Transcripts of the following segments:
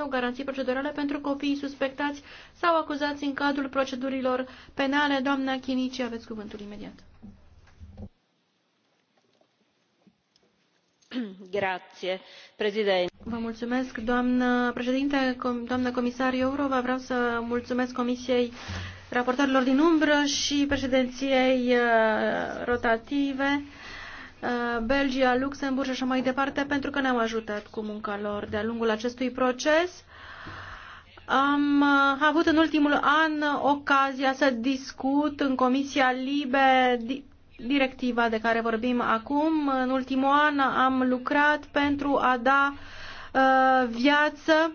sau garanții procedurale pentru copiii suspectați sau acuzați în cadrul procedurilor penale. Doamna Chinici, aveți cuvântul imediat. Grazie, Vă mulțumesc, doamnă președinte, doamnă comisar Jourova. Vreau să mulțumesc Comisiei raportorilor din umbră și președinției uh, rotative. Uh, Belgia, Luxemburg și așa mai departe, pentru că ne-au ajutat cu munca lor de-a lungul acestui proces. Am uh, avut în ultimul an ocazia să discut în Comisia Libe directiva de care vorbim acum. În ultimul an am lucrat pentru a da uh, viață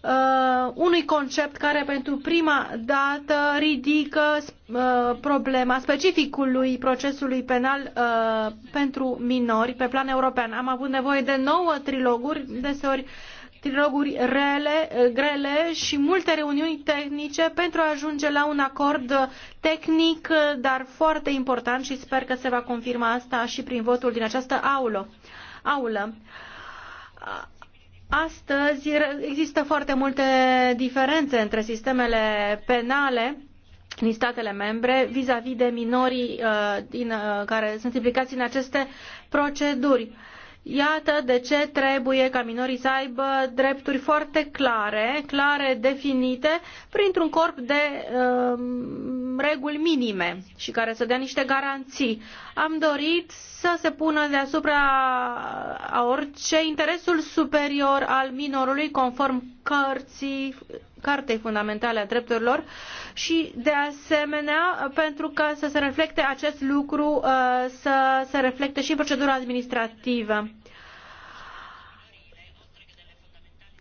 uh, unui concept care pentru prima dată ridică uh, problema specificului procesului penal uh, pentru minori pe plan european. Am avut nevoie de nouă triloguri, deseori triloguri rele, uh, grele și multe reuniuni tehnice pentru a ajunge la un acord tehnic, uh, dar foarte important și sper că se va confirma asta și prin votul din această aulă. aulă Astăzi există foarte multe diferențe între sistemele penale din statele membre vis-a-vis de minorii uh, din, uh, care sunt implicați în aceste proceduri. Uh, Iată de ce trebuie ca minorii să aibă drepturi foarte clare, clare definite, printr-un corp de um, reguli minime și care să dea niște garanții. Am dorit să se pună deasupra a orice interesul superior al minorului conform cărții, Cartei Fundamentale a Drepturilor și, de asemenea, pentru ca să se reflecte acest lucru, uh, să se reflecte și în procedura administrativă.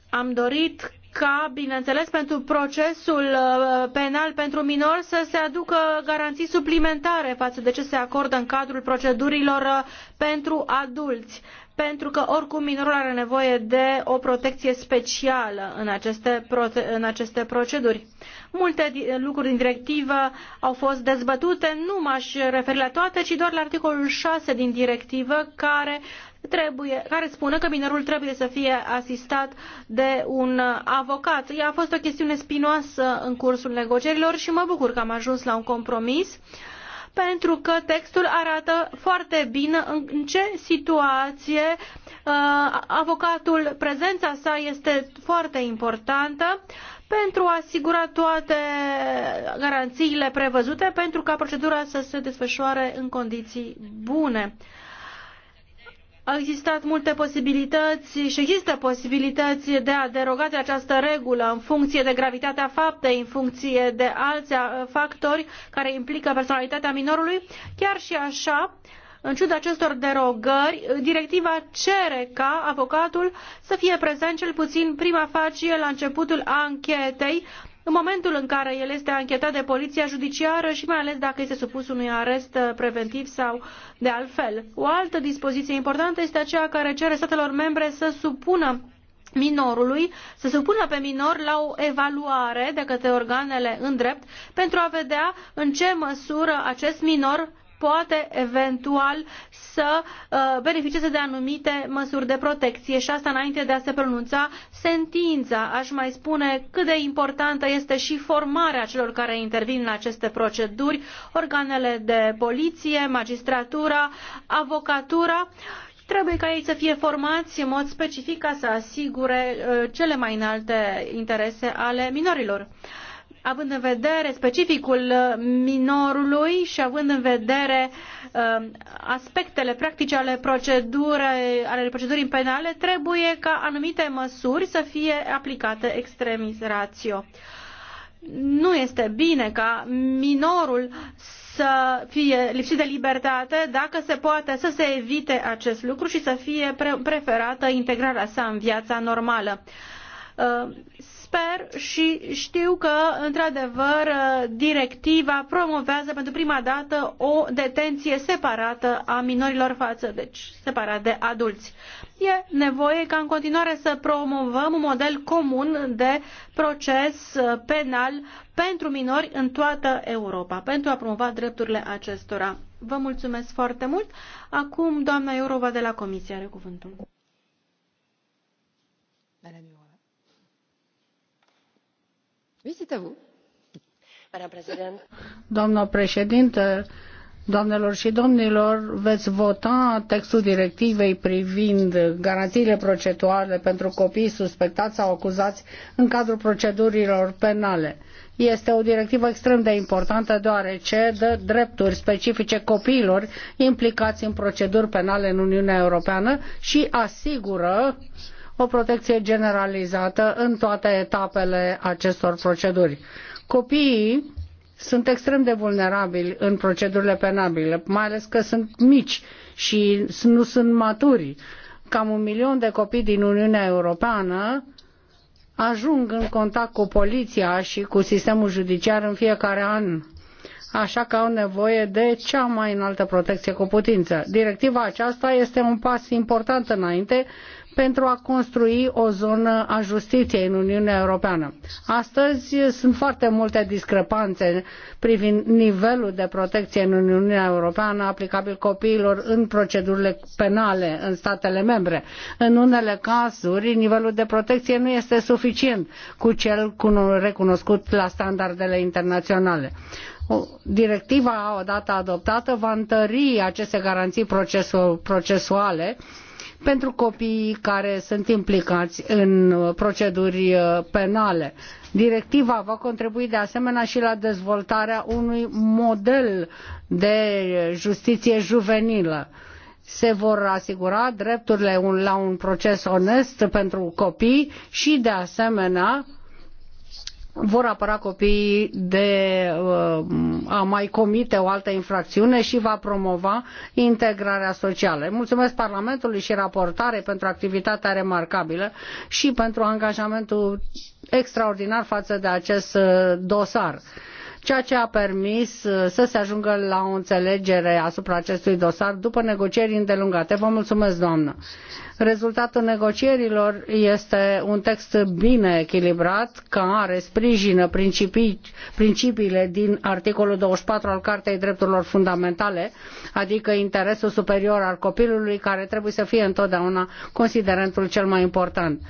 Am dorit ca, bineînțeles, pentru procesul uh, penal pentru minori să se aducă garanții suplimentare față de ce se acordă în cadrul procedurilor uh, pentru adulți pentru că oricum minorul are nevoie de o protecție specială în aceste, în aceste proceduri. Multe lucruri din directivă au fost dezbătute, nu m-aș referi la toate, ci doar la articolul 6 din directivă care Trebuie, care spune că minorul trebuie să fie asistat de un avocat. Ea a fost o chestiune spinoasă în cursul negocierilor și mă bucur că am ajuns la un compromis. Uh, pentru că textul arată foarte bine în ce situație uh, avocatul, prezența sa este foarte importantă pentru a asigura toate garanțiile prevăzute pentru ca procedura să se desfășoare în condiții bune. Au existat multe posibilități și există posibilități de a deroga de această regulă în funcție de gravitatea faptei, în funcție de alți uh, factori care implică personalitatea minorului. Chiar și așa, în ciuda acestor derogări, directiva cere ca avocatul să fie prezent cel puțin prima facie la începutul anchetei în momentul în care el este anchetat de poliția judiciară și mai ales dacă este supus unui arest uh, preventiv sau de altfel. O altă dispoziție importantă este aceea care cere statelor membre să supună minorului să supună pe minor la o evaluare de către organele în drept pentru a vedea în ce măsură acest minor poate eventual să uh, beneficieze de anumite măsuri de protecție și asta înainte de a se pronunța sentința. Aș mai spune cât de importantă este și formarea celor care intervin în aceste proceduri, organele de poliție, magistratura, avocatura trebuie ca ei să fie formați în mod specific ca să asigure uh, cele mai înalte interese ale minorilor având în vedere specificul uh, minorului și având în vedere um, aspectele practice ale procedurii, ale procedurii penale, trebuie ca anumite măsuri să fie aplicate extremis ratio. Nu este bine ca minorul să fie lipsit de libertate, dacă se poate să se evite acest lucru și să fie preferată integrarea sa în viața normală uh, Sper și știu că, într-adevăr, directiva promovează pentru prima dată o detenție separată a minorilor față, deci separat de adulți. E nevoie ca în continuare să promovăm un model comun de proces penal pentru minori în toată Europa, pentru a promova drepturile acestora. Vă mulțumesc foarte mult. Acum, doamna Eurova de la Comisie are cuvântul doamnă președintă doamnelor și domnilor veți vota textul directivei privind garanțiile procesuale pentru copiii suspectați sau acuzați în cadrul procedurilor penale. Este o directivă extrem de importantă deoarece dă drepturi specifice copiilor implicați în proceduri penale în Uniunea Europeană și asigură uh, o protecție generalizată în toate etapele acestor proceduri. Copiii sunt extrem de vulnerabili în procedurile penabile, mai ales că sunt mici și nu sunt maturi. Cam un milion de copii din Uniunea Europeană ajung în contact cu poliția și cu sistemul judiciar în fiecare an. Așa că au nevoie de cea mai înaltă protecție cu putință. Directiva aceasta este un pas important înainte pentru a construi o zonă a justiției în Uniunea Europeană. Astăzi sunt foarte multe discrepanțe privind nivelul de protecție în Uniunea Europeană aplicabil copiilor în procedurile penale în statele membre. În unele cazuri, nivelul de protecție nu este suficient cu cel recunoscut la standardele internaționale. Directiva odată adoptată va întări aceste garanții procesuale pentru copiii care sunt implicați în uh, proceduri uh, penale. Directiva va contribui de asemenea și la dezvoltarea unui model de justiție juvenilă se vor asigura drepturile la un proces onest pentru copii și, de asemenea, vor apăra copiii de uh, a mai comite o altă infracțiune și va promova integrarea socială. Mulțumesc Parlamentului și raportare pentru activitatea remarcabilă și pentru angajamentul extraordinar față de acest uh, dosar ceea ce a permis uh, să se ajungă la o înțelegere asupra acestui dosar după negocieri îndelungate. Vă mulțumesc, doamnă. Rezultatul negocierilor este un text bine echilibrat care sprijină principii, principiile din articolul 24 al Cartei Drepturilor Fundamentale, adică interesul superior al copilului care trebuie să fie întotdeauna considerentul cel mai important.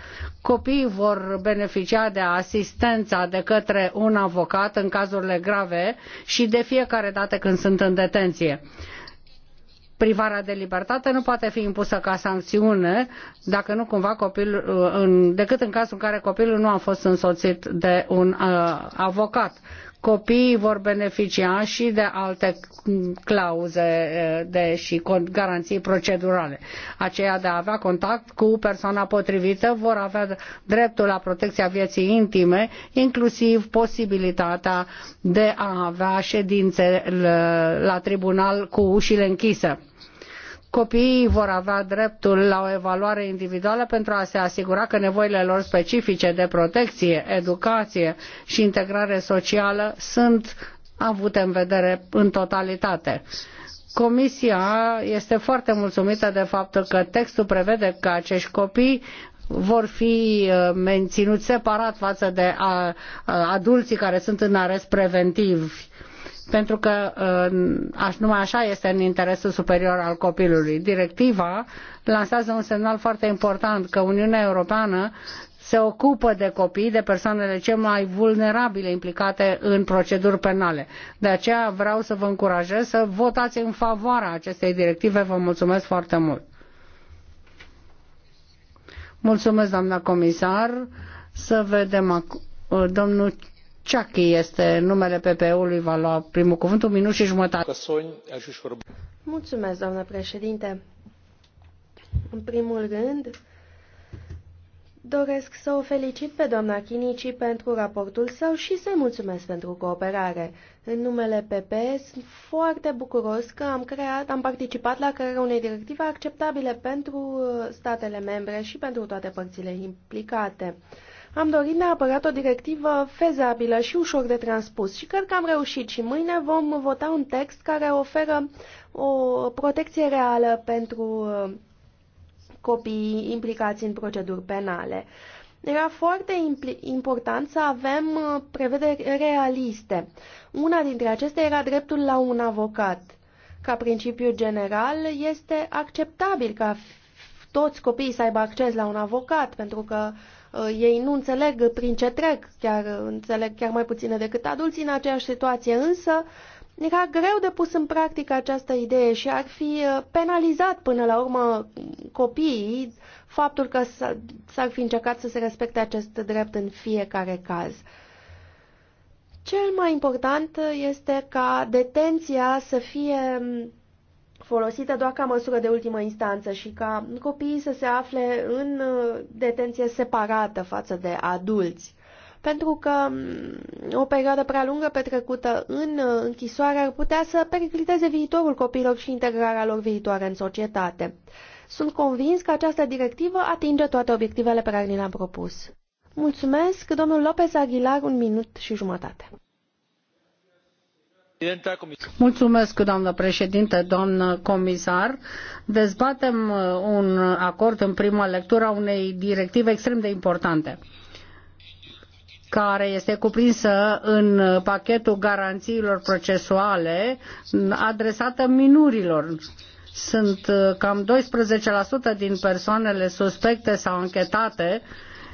Copiii vor beneficia de asistența de către un avocat în cazurile grave și de fiecare dată când sunt în detenție privarea de libertate nu poate fi impusă ca sancțiune dacă nu cumva copilul, în, decât în cazul în care copilul nu a fost însoțit de un uh, avocat copiii vor beneficia și de alte clauze eh, de, și garanții procedurale. Aceea de a avea contact cu persoana potrivită vor avea dreptul la protecția vieții intime, inclusiv posibilitatea de a avea ședințe la tribunal cu ușile închise copiii vor avea dreptul la o evaluare individuală pentru a se asigura că nevoile lor specifice de protecție, educație și integrare socială sunt avute în vedere în totalitate. Comisia este foarte mulțumită de faptul că textul prevede că acești copii vor fi uh, menținuți separat față de uh, uh, adulții care sunt în arest preventiv. Uh, pentru că uh, aș, numai așa este în interesul superior al copilului. Directiva lansează un semnal foarte important că Uniunea Europeană se ocupă de copii, de persoanele ce mai vulnerabile implicate în proceduri penale. De aceea vreau să vă încurajez să votați în favoarea acestei directive. Vă mulțumesc foarte mult. Mulțumesc, doamna comisar. Să vedem acum. Domnul Ciachi este numele PPE-ului, va lua primul cuvânt, un minut și jumătate. Mulțumesc, doamnă președinte. În primul rând, doresc să o felicit pe doamna Chinici pentru raportul său și să-i mulțumesc pentru cooperare. În numele PPE sunt foarte bucuros că am, creat, am participat la crearea unei directive acceptabile pentru statele membre și pentru toate părțile implicate. Am dorit neapărat o directivă fezabilă și ușor de transpus și cred că am reușit și mâine vom vota un text care oferă o protecție reală pentru uh, copiii implicați în proceduri penale. Era foarte important să avem uh, prevederi realiste. Una dintre acestea era dreptul la un avocat. Ca principiu general, este acceptabil ca toți copiii să aibă acces la un avocat, pentru că uh, Uh, ei nu înțeleg prin ce trec, chiar înțeleg chiar mai puține decât adulții în aceeași situație, însă era greu de pus în practică această idee și ar fi uh, penalizat până la urmă copiii faptul că s-ar fi încercat să se respecte acest drept în fiecare caz. Cel mai important este ca detenția să fie mm, folosită doar ca măsură de ultimă instanță și ca copiii să se afle în uh, detenție separată față de adulți. Pentru că mm, o perioadă prea lungă petrecută în uh, închisoare ar putea să pericliteze viitorul copilor și integrarea lor viitoare în societate. Sunt convins că această directivă atinge toate obiectivele pe care ni le-am propus. Mulțumesc, domnul Lopez Aguilar, un minut și jumătate. Mulțumesc, doamnă președinte, doamnă comisar. Dezbatem uh, un acord în prima lectură a unei directive extrem de importante care este cuprinsă în pachetul garanțiilor procesuale adresată minurilor. Sunt uh, cam 12% din persoanele suspecte sau anchetate uh,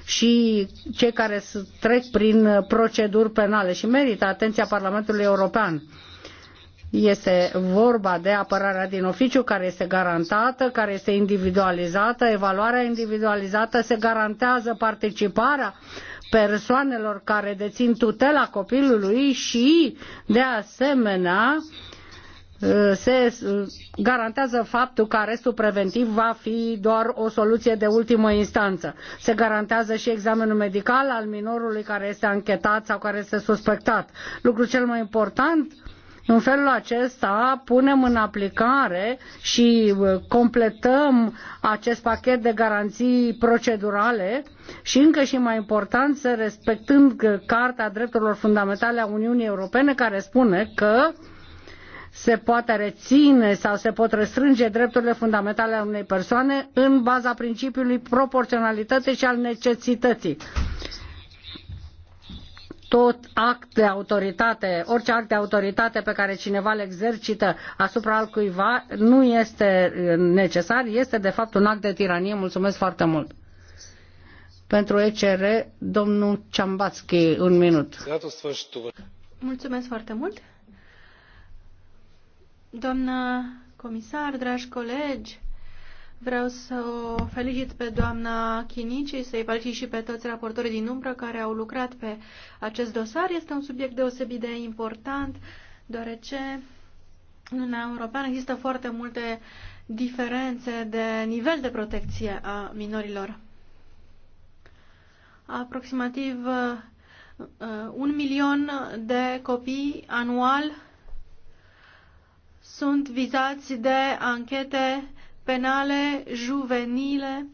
și cei care trec prin proceduri penale și merită atenția Parlamentului European. Este vorba de apărarea din oficiu care este garantată, care este individualizată, evaluarea individualizată se garantează participarea persoanelor care dețin tutela copilului și, de asemenea, Eh, se eh, garantează faptul că arestul preventiv va fi doar o soluție de ultimă instanță. Se garantează și examenul medical al minorului care este anchetat sau care este suspectat. Lucru cel mai important în felul acesta punem în aplicare și eh, completăm acest pachet de garanții procedurale și încă și mai important să respectând Carta Drepturilor Fundamentale a Uniunii Europene care spune că se poate reține sau se pot restrânge drepturile fundamentale ale unei persoane în baza principiului proporționalității și al necesității. Tot act de autoritate, orice act de autoritate pe care cineva îl exercită asupra altcuiva nu este uh, necesar, este de fapt un act de tiranie. Mulțumesc foarte mult! Pentru ECR, domnul Ciambațchi, un minut. Mulțumesc foarte mult! Doamna comisar, dragi colegi, vreau să o felicit pe doamna Chinici, să-i felicit și pe toți raportorii din umbră care au lucrat pe acest dosar. Este un subiect deosebit de important, deoarece în Uniunea Europeană există foarte multe diferențe de nivel de protecție a minorilor. Aproximativ uh, un milion de copii anual sunt vizați de anchete penale juvenile.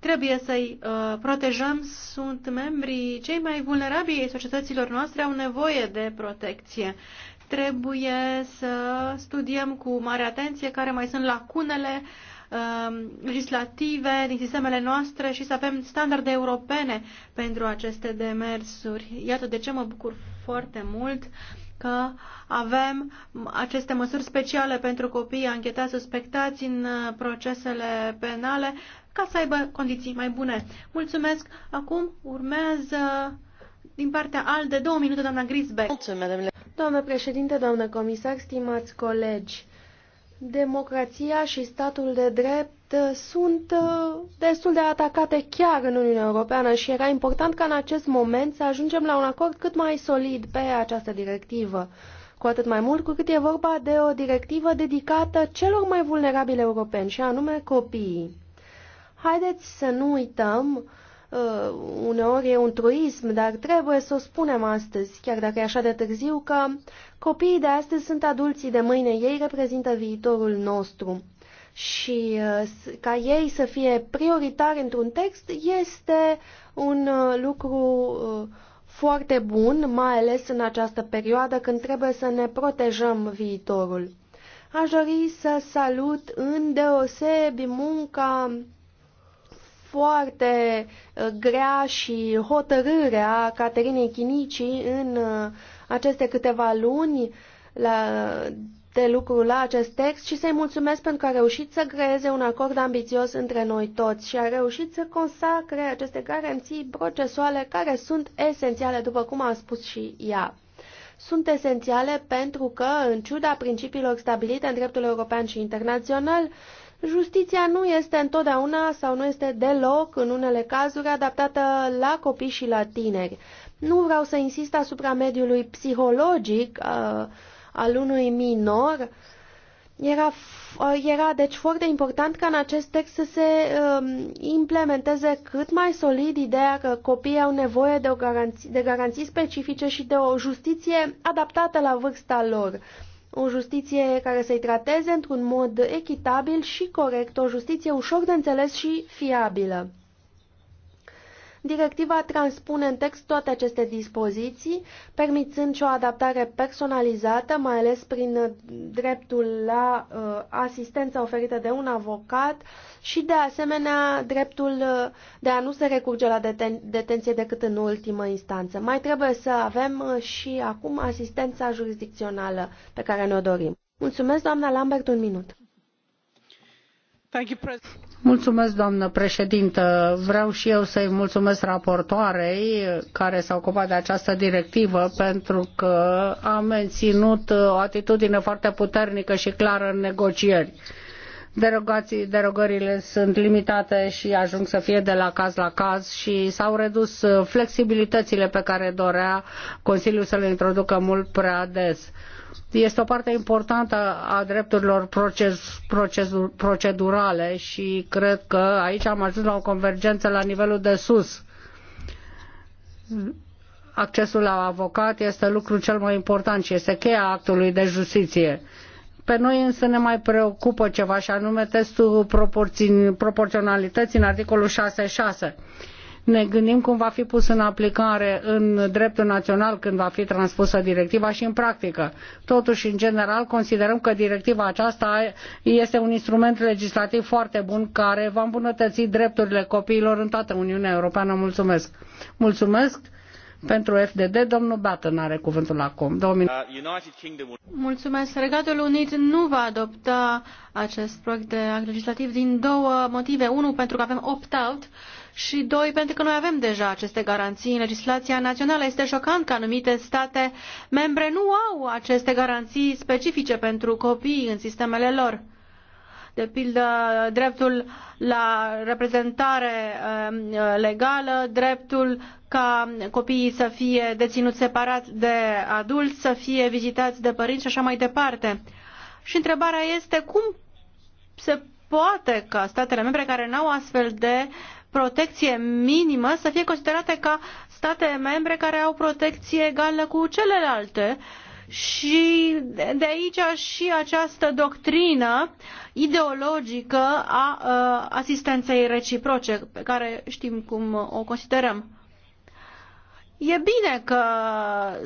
Trebuie să-i uh, protejăm, sunt membrii cei mai vulnerabili ai societăților noastre, au nevoie de protecție. Trebuie să studiem cu mare atenție care mai sunt lacunele uh, legislative din sistemele noastre și să avem standarde europene pentru aceste demersuri. Iată de ce mă bucur foarte mult uh, că avem aceste măsuri speciale pentru copiii anchetați suspectați în uh, procesele penale ca să aibă condiții mai bune. Mulțumesc! Acum urmează din partea al de două minute, doamna Grisbeck. Doamnă președinte, doamnă comisar, stimați colegi, democrația și statul de drept Uh, sunt uh, destul de atacate chiar în Uniunea Europeană și era important ca în acest moment să ajungem la un acord cât mai solid pe această directivă. Cu atât mai mult cu cât e vorba de o directivă dedicată celor mai vulnerabili europeni, și anume copiii. Haideți să nu uităm, uh, uneori e un truism, dar trebuie să o spunem astăzi, chiar dacă e așa de târziu, că copiii de astăzi sunt adulții de mâine, ei reprezintă viitorul nostru și uh, ca ei să fie prioritari într-un text este un uh, lucru uh, foarte bun, mai ales în această perioadă când trebuie să ne protejăm viitorul. Aș dori să salut îndeosebi munca foarte grea și hotărârea Caterinei Chinicii în aceste câteva luni la, de lucru la acest text și să-i mulțumesc pentru că a reușit să creeze un acord ambițios între noi toți și a reușit să consacre aceste garanții procesuale care sunt esențiale, după cum a spus și ea. Sunt esențiale pentru că, în ciuda principiilor stabilite în dreptul european și internațional, Justiția nu este întotdeauna sau nu este deloc, în unele cazuri, adaptată la copii și la tineri. Nu vreau să insist asupra mediului psihologic, uh, al unui minor, era, uh, era deci foarte important ca în acest text să se um, implementeze cât mai solid ideea că copiii au nevoie de, o garanție, de garanții specifice și de o justiție adaptată la vârsta lor. O justiție care să-i trateze într-un mod echitabil și corect, o justiție ușor de înțeles și fiabilă. Directiva transpune în text toate aceste dispoziții, permițând și o adaptare personalizată, mai ales prin uh, dreptul la uh, asistența oferită de un avocat și, de asemenea, dreptul uh, de a nu se recurge la deten detenție decât în ultimă instanță. Mai trebuie să avem uh, și acum asistența jurisdicțională pe care ne-o dorim. Mulțumesc, doamna Lambert, un minut. Thank you, Mulțumesc, doamnă președintă. Vreau și eu să-i mulțumesc raportoarei care s-a ocupat de această directivă pentru că a menținut o atitudine foarte puternică și clară în negocieri Derogații, derogările sunt limitate și ajung să fie de la caz la caz și s-au redus uh, flexibilitățile pe care dorea Consiliul să le introducă mult prea des. Este o parte importantă a drepturilor proces, procedurale și cred că aici am ajuns la o convergență la nivelul de sus accesul la avocat este lucrul cel mai important și este cheia actului de justiție pe noi însă ne mai preocupă ceva și anume testul proporționalității în articolul 6.6. Ne gândim cum va fi pus în aplicare în dreptul național când va fi transpusă directiva și în practică. Totuși, în general, considerăm că directiva aceasta este un instrument legislativ foarte bun care va îmbunătăți drepturile copiilor în toată Uniunea Europeană. Mulțumesc! Mulțumesc! Pentru FDD, domnul Batten are cuvântul acum. Uh, Mulțumesc. Regatul Unit nu va adopta acest proiect de act legislativ din două motive. Unul, pentru că avem opt-out și doi, pentru că noi avem deja aceste garanții în legislația națională. Este șocant că anumite state membre nu au aceste garanții specifice pentru copii în sistemele lor de pildă dreptul la reprezentare um, legală, dreptul ca copiii să fie deținuți separat de adulți, să fie vizitați de părinți și așa mai departe. Și întrebarea este cum se poate ca statele membre care n-au astfel de protecție minimă să fie considerate ca state membre care au protecție egală cu celelalte. Și de aici și această doctrină ideologică a, a ă, asistenței reciproce, pe care știm cum o considerăm. E bine că,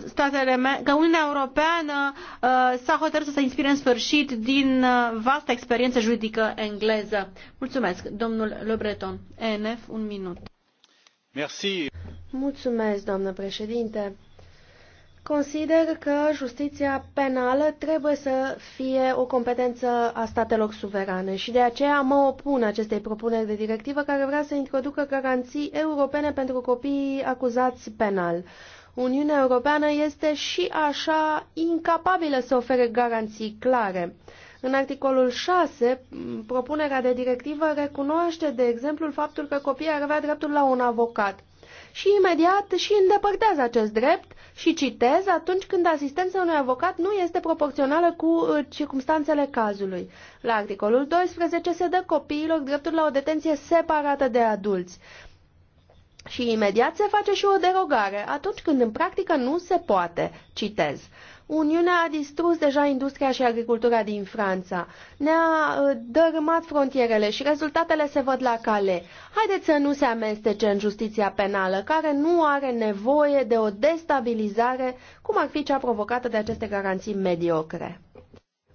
statele, că Uniunea Europeană uh, s-a hotărât să se inspire în sfârșit din uh, vasta experiență juridică engleză. Mulțumesc, domnul Le Breton. ENF, un minut. Merci. Mulțumesc, doamnă președinte. Consider că justiția penală trebuie să fie o competență a statelor suverane și de aceea mă opun acestei propuneri de directivă care vrea să introducă garanții europene pentru copiii acuzați penal. Uniunea Europeană este și așa incapabilă să ofere garanții clare. În articolul 6, propunerea de directivă recunoaște, de exemplu, faptul că copiii ar avea dreptul la un avocat și imediat și îndepărtează acest drept și citez atunci când asistența unui avocat nu este proporțională cu uh, circumstanțele cazului. La articolul 12 se dă copiilor dreptul la o detenție separată de adulți. Și imediat se face și o derogare, atunci când în practică nu se poate, citez. Uniunea a distrus deja industria și agricultura din Franța, ne-a uh, dărâmat frontierele și rezultatele se văd la cale. Haideți să nu se amestece în justiția penală, care nu are nevoie de o destabilizare, cum ar fi cea provocată de aceste garanții mediocre.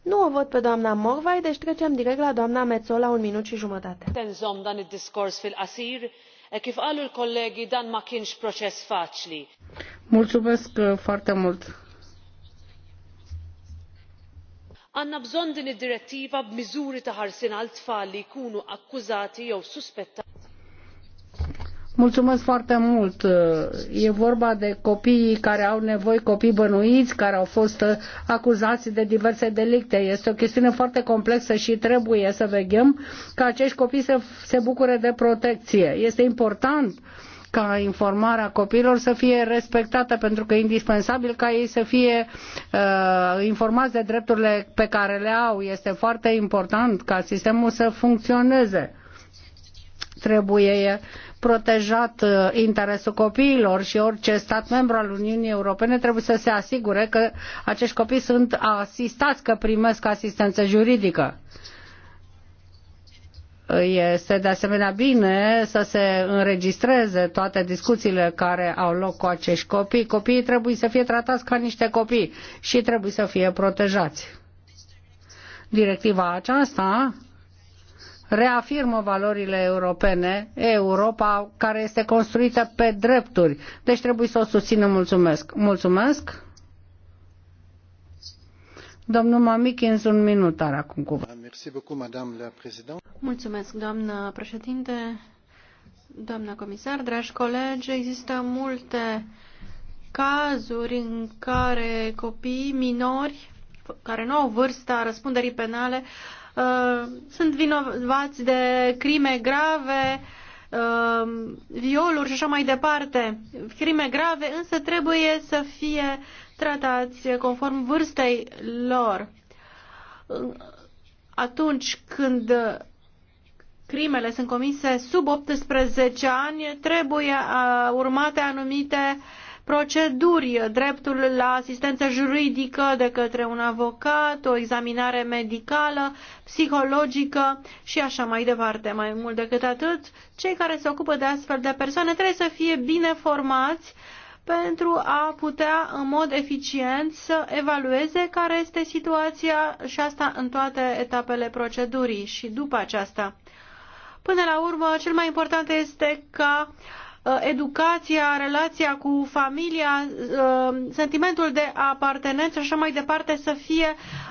Nu o văd pe doamna Morvai, deci trecem direct la doamna Mețola, un minut și jumătate. Mulțumesc foarte mult għandna bżonn din id direttiva b'miżuri ta' ħarsien għal tfal li jkunu akkużati jew suspettati Mulțumesc foarte mult. E vorba de copii care au nevoi, copii bănuiți, care au fost uh, acuzați de diverse delicte. Este o chestiune foarte complexă și trebuie să veghem că acești copii să se bucure de protecție. Este important uh, ca informarea copiilor să fie respectată, pentru că e indispensabil ca ei să fie uh, informați de drepturile pe care le au. Este foarte important ca sistemul să funcționeze. Trebuie protejat uh, interesul copiilor și orice stat membru al Uniunii Europene trebuie să se asigure că acești copii sunt asistați, că primesc asistență juridică este de asemenea bine să se înregistreze toate discuțiile care au loc cu acești copii. Copiii trebuie să fie tratați ca niște copii și trebuie să fie protejați. Directiva aceasta reafirmă valorile europene, Europa care este construită pe drepturi. Deci trebuie să o susținem. Mulțumesc. Mulțumesc. Domnul Mamichins, un minut are acum ah, Mulțumesc, doamnă președinte, doamnă comisar, dragi colegi. Există multe cazuri în care copii minori, care nu au vârsta răspunderii penale, uh, sunt vinovați de crime grave, Um, violuri și așa mai departe, crime grave, însă trebuie să fie tratați conform vârstei lor. Atunci când crimele sunt comise sub 18 ani, trebuie uh, urmate anumite uh, proceduri, dreptul la asistență juridică de către un avocat, o examinare medicală, psihologică și așa mai departe. Mai mult decât atât, cei care se ocupă de astfel de persoane trebuie să fie bine formați pentru a putea în mod eficient să evalueze care este situația și asta în toate etapele procedurii și după aceasta. Până la urmă, cel mai important este ca Uh, educația, relația cu familia, uh, sentimentul de apartenență și așa mai departe să fie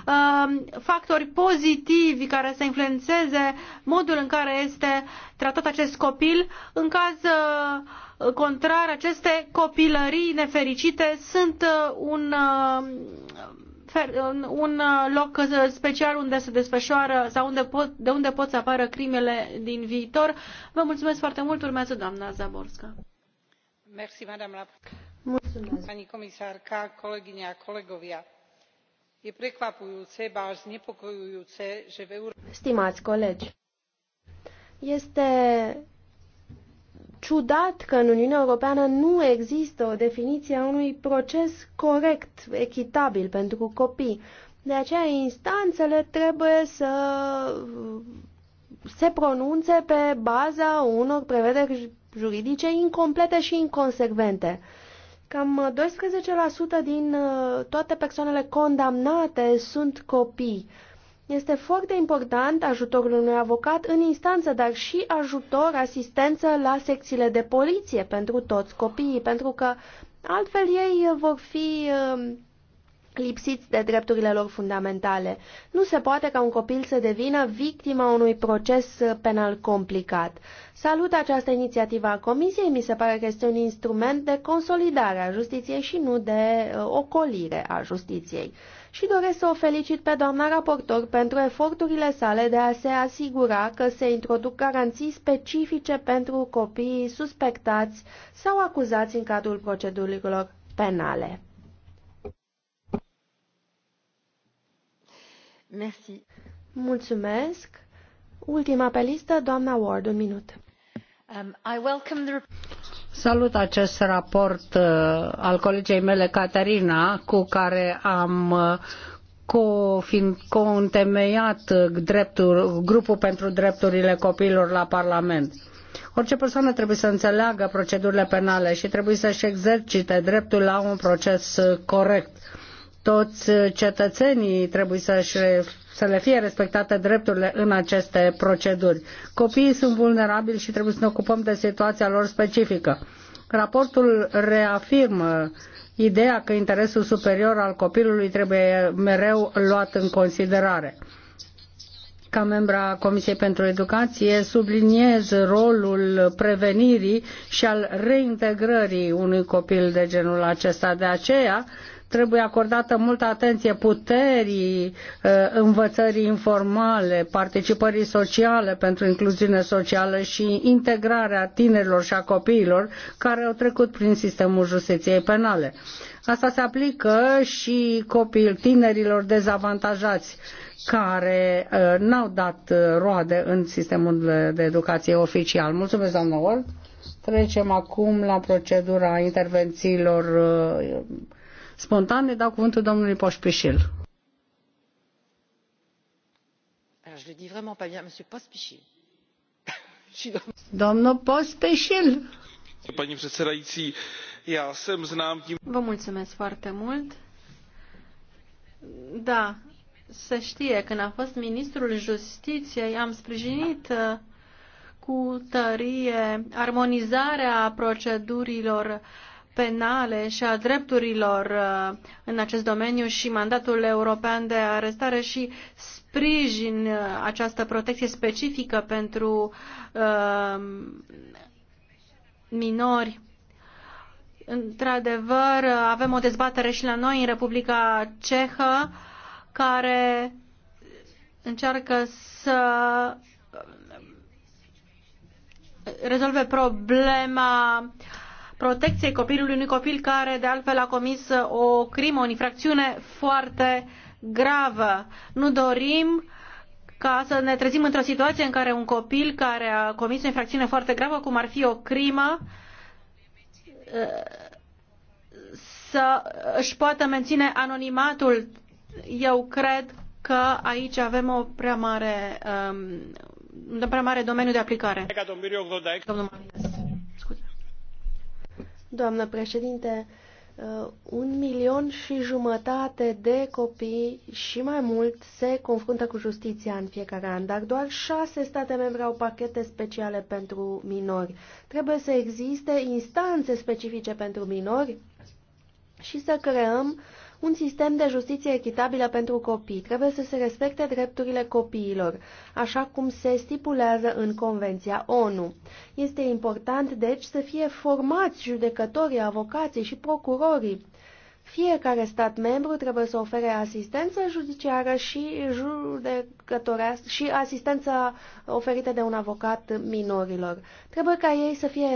uh, factori pozitivi care să influențeze modul în care este tratat acest copil. În caz contrar, aceste copilării nefericite sunt un un uh, loc uh, special unde se desfășoară sau unde pot, de unde pot să apară crimele din viitor. Vă mulțumesc foarte mult. Urmează doamna Zaborska. Merci, madame la... Mulțumesc. Pani comisárka, kolegyne a kolegovia. E prekvapujúce, ba až znepokojujúce, že v Európe... Stimați colegi, este ciudat că în Uniunea Europeană nu există o definiție a unui proces corect, echitabil pentru copii. De aceea, instanțele trebuie să se pronunțe pe baza unor prevederi juridice incomplete și inconsecvente. Cam 12% din uh, toate persoanele condamnate sunt copii este foarte important ajutorul unui avocat în instanță, dar și ajutor, asistență la secțiile de poliție pentru toți copiii, pentru că altfel ei vor fi um, lipsiți de drepturile lor fundamentale. Nu se poate ca un copil să devină victima unui proces penal complicat. Salut această inițiativă a Comisiei, mi se pare că este un instrument de consolidare a justiției și nu de uh, ocolire a justiției și doresc să o felicit pe doamna raportor pentru eforturile sale de a se asigura că se introduc garanții specifice pentru copiii suspectați sau acuzați în cadrul procedurilor penale. Merci. Mulțumesc. Ultima pe listă, doamna Ward, un minut. Um, Salut acest raport uh, al colegei mele, Caterina, cu care am uh, coîntemeiat uh, grupul pentru drepturile copiilor la Parlament. Orice persoană trebuie să înțeleagă procedurile penale și trebuie să-și exercite dreptul la un proces corect. Toți cetățenii trebuie să-și să le fie respectate drepturile în aceste proceduri. Copiii sunt vulnerabili și trebuie să ne ocupăm de situația lor specifică. Raportul reafirmă ideea că interesul superior al copilului trebuie mereu luat în considerare. Ca membra Comisiei pentru Educație subliniez rolul prevenirii și al reintegrării unui copil de genul acesta. De aceea trebuie acordată multă atenție puterii uh, învățării informale, participării sociale pentru incluziune socială și integrarea tinerilor și a copiilor care au trecut prin sistemul justiției penale. Asta se aplică și copiilor tinerilor dezavantajați care uh, n-au dat uh, roade în sistemul de educație oficial. Mulțumesc, doamnă Ward. Trecem acum la procedura intervențiilor Spontan îi dau cuvântul domnului Poșpișil. Domnul Pospișil. Paní předsedající, já jsem znám tím... Vă mulțumesc foarte mult. Da, se știe, când a fost ministrul justiției, am sprijinit uh, cu tărie armonizarea procedurilor penale și a drepturilor uh, în acest domeniu și mandatul european de arestare și sprijin uh, această protecție specifică pentru uh, minori. Într-adevăr, avem o dezbatere și la noi în Republica Cehă care încearcă să rezolve problema uh, protecției copilului unui copil care de altfel a comis o crimă, o infracțiune foarte gravă. Nu dorim ca să ne trezim într-o situație în care un copil care a comis o infracțiune foarte gravă, cum ar fi o crimă, să își poată menține anonimatul. Eu cred că aici avem o prea mare, um, un prea mare domeniu de aplicare. Domnul Doamnă președinte, uh, un milion și jumătate de copii și mai mult se confruntă cu justiția în fiecare an, dar doar șase state membre au pachete speciale pentru minori. Trebuie să existe instanțe specifice pentru minori și să creăm un sistem de justiție echitabilă pentru copii. Trebuie să se respecte drepturile copiilor, așa cum se stipulează în Convenția ONU. Este important, deci, să fie formați judecătorii, avocații și procurorii fiecare stat membru trebuie să ofere asistență judiciară și judecătorească și asistența oferită de un avocat minorilor. Trebuie ca ei să fie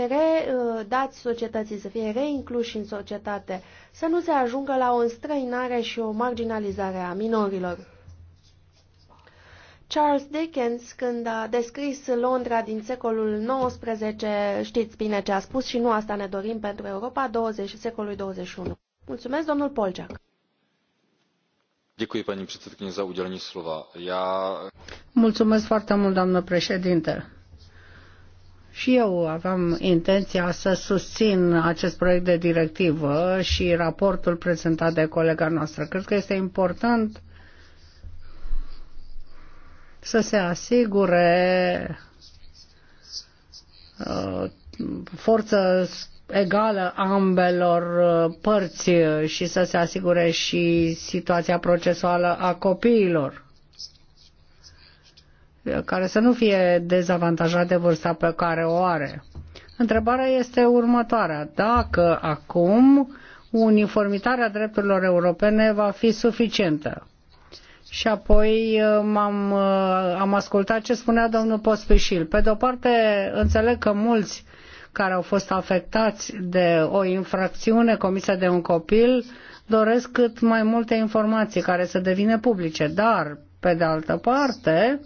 redați societății, să fie reincluși în societate, să nu se ajungă la o înstrăinare și o marginalizare a minorilor. Charles Dickens, când a descris Londra din secolul XIX, știți bine ce a spus și nu asta ne dorim pentru Europa 20 secolului 21. Mulțumesc, domnul Polceac. Mulțumesc foarte mult, doamnă președinte. Și eu aveam intenția să susțin acest proiect de directivă și raportul prezentat de colega noastră. Cred că este important să se asigure uh, forță egală ambelor uh, părți uh, și să se asigure și situația procesuală a copiilor uh, care să nu fie dezavantajat de vârsta pe care o are. Întrebarea este următoarea. Dacă acum uniformitarea drepturilor europene va fi suficientă? Și apoi am am ascultat ce spunea domnul Pospișil. Pe de o parte, înțeleg că mulți uh, care au fost afectați de o infracțiune comisă de un copil doresc cât mai multe informații care să devină publice, dar, pe de altă parte,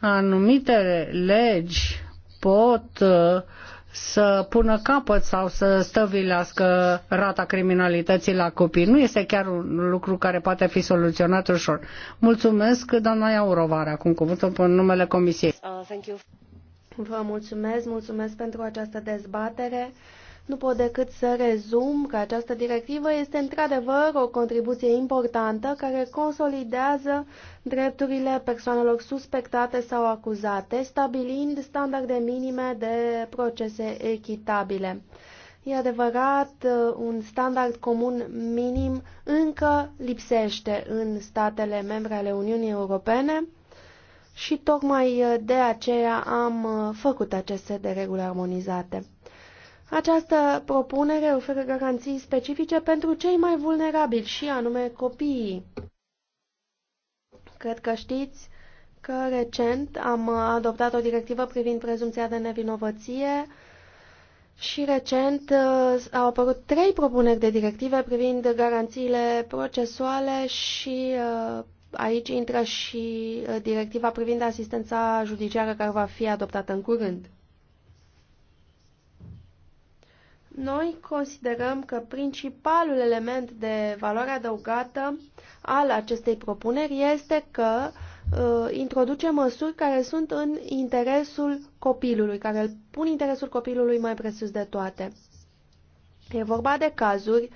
anumite legi pot uh, să pună capăt sau să stăvilească rata criminalității la copii. Nu este chiar un lucru care poate fi soluționat ușor. Mulțumesc, doamna Iaurova, are acum cuvântul în numele Comisiei. Uh, Vă mulțumesc, mulțumesc pentru această dezbatere. Nu pot decât să rezum că această directivă este într-adevăr o contribuție importantă care consolidează drepturile persoanelor suspectate sau acuzate, stabilind standarde minime de procese echitabile. E adevărat, un standard comun minim încă lipsește în statele membre ale Uniunii Europene și tocmai uh, de aceea am uh, făcut aceste dereguli reguli armonizate. Această propunere oferă garanții specifice pentru cei mai vulnerabili și anume copiii. Cred că știți că recent am uh, adoptat o directivă privind prezumția de nevinovăție și recent au apărut trei propuneri de directive privind garanțiile procesuale și aici intră și uh, directiva privind asistența judiciară care va fi adoptată în curând. Noi considerăm că principalul element de valoare adăugată al acestei propuneri este că uh, introduce măsuri care sunt în interesul copilului, care îl pun interesul copilului mai presus de toate. E vorba de cazuri uh,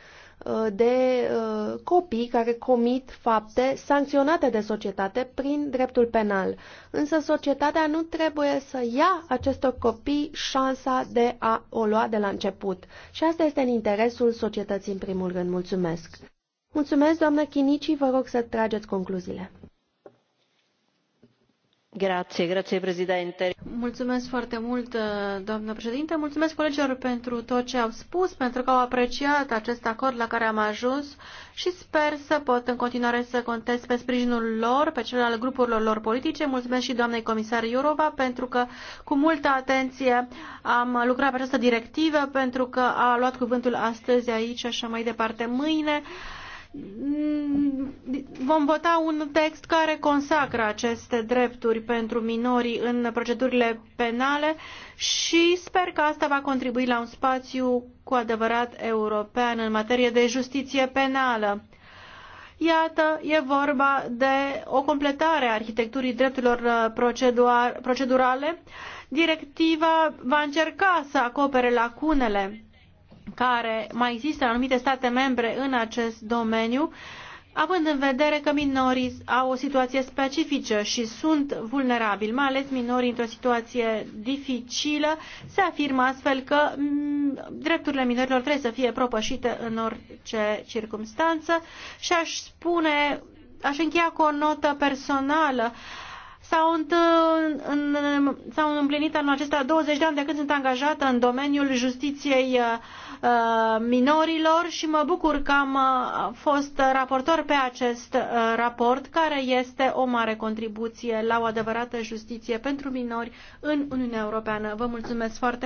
Uh, de uh, copii care comit fapte sancționate de societate prin dreptul penal. Însă societatea nu trebuie să ia acestor copii șansa de a o lua de la început. Și asta este în interesul societății în primul rând. Mulțumesc! Mulțumesc, doamnă Chinici, vă rog să trageți concluziile. Mulțumesc foarte mult, uh, doamnă președinte. Mulțumesc colegilor pentru tot ce au spus, pentru că au apreciat acest acord la care am ajuns și sper să pot în continuare să contez pe sprijinul lor, pe cel al grupurilor lor politice. Mulțumesc și doamnei comisar Iurova pentru că cu multă atenție am lucrat pe această directivă, pentru că a luat cuvântul astăzi aici și așa mai departe mâine. Mm, vom vota un text care consacră aceste drepturi pentru minorii în procedurile penale și sper că asta va contribui la un spațiu cu adevărat european în materie de justiție penală. Iată, e vorba de o completare a arhitecturii drepturilor uh, procedurale. Directiva va încerca să acopere lacunele care mai există în anumite state membre în acest domeniu, având în vedere că minorii au o situație specifică și sunt vulnerabili, mai ales minorii într-o situație dificilă, se afirmă astfel că mm, drepturile minorilor trebuie să fie propășite în orice circunstanță și aș spune, aș încheia cu o notă personală. Uh, S-au împlinit anul acesta 20 de ani de când sunt angajată în domeniul justiției uh, uh, minorilor și mă bucur că am uh, fost raportor pe acest raport, care este o mare contribuție la o adevărată justiție pentru minori în Uniunea Europeană. Vă mulțumesc foarte mult.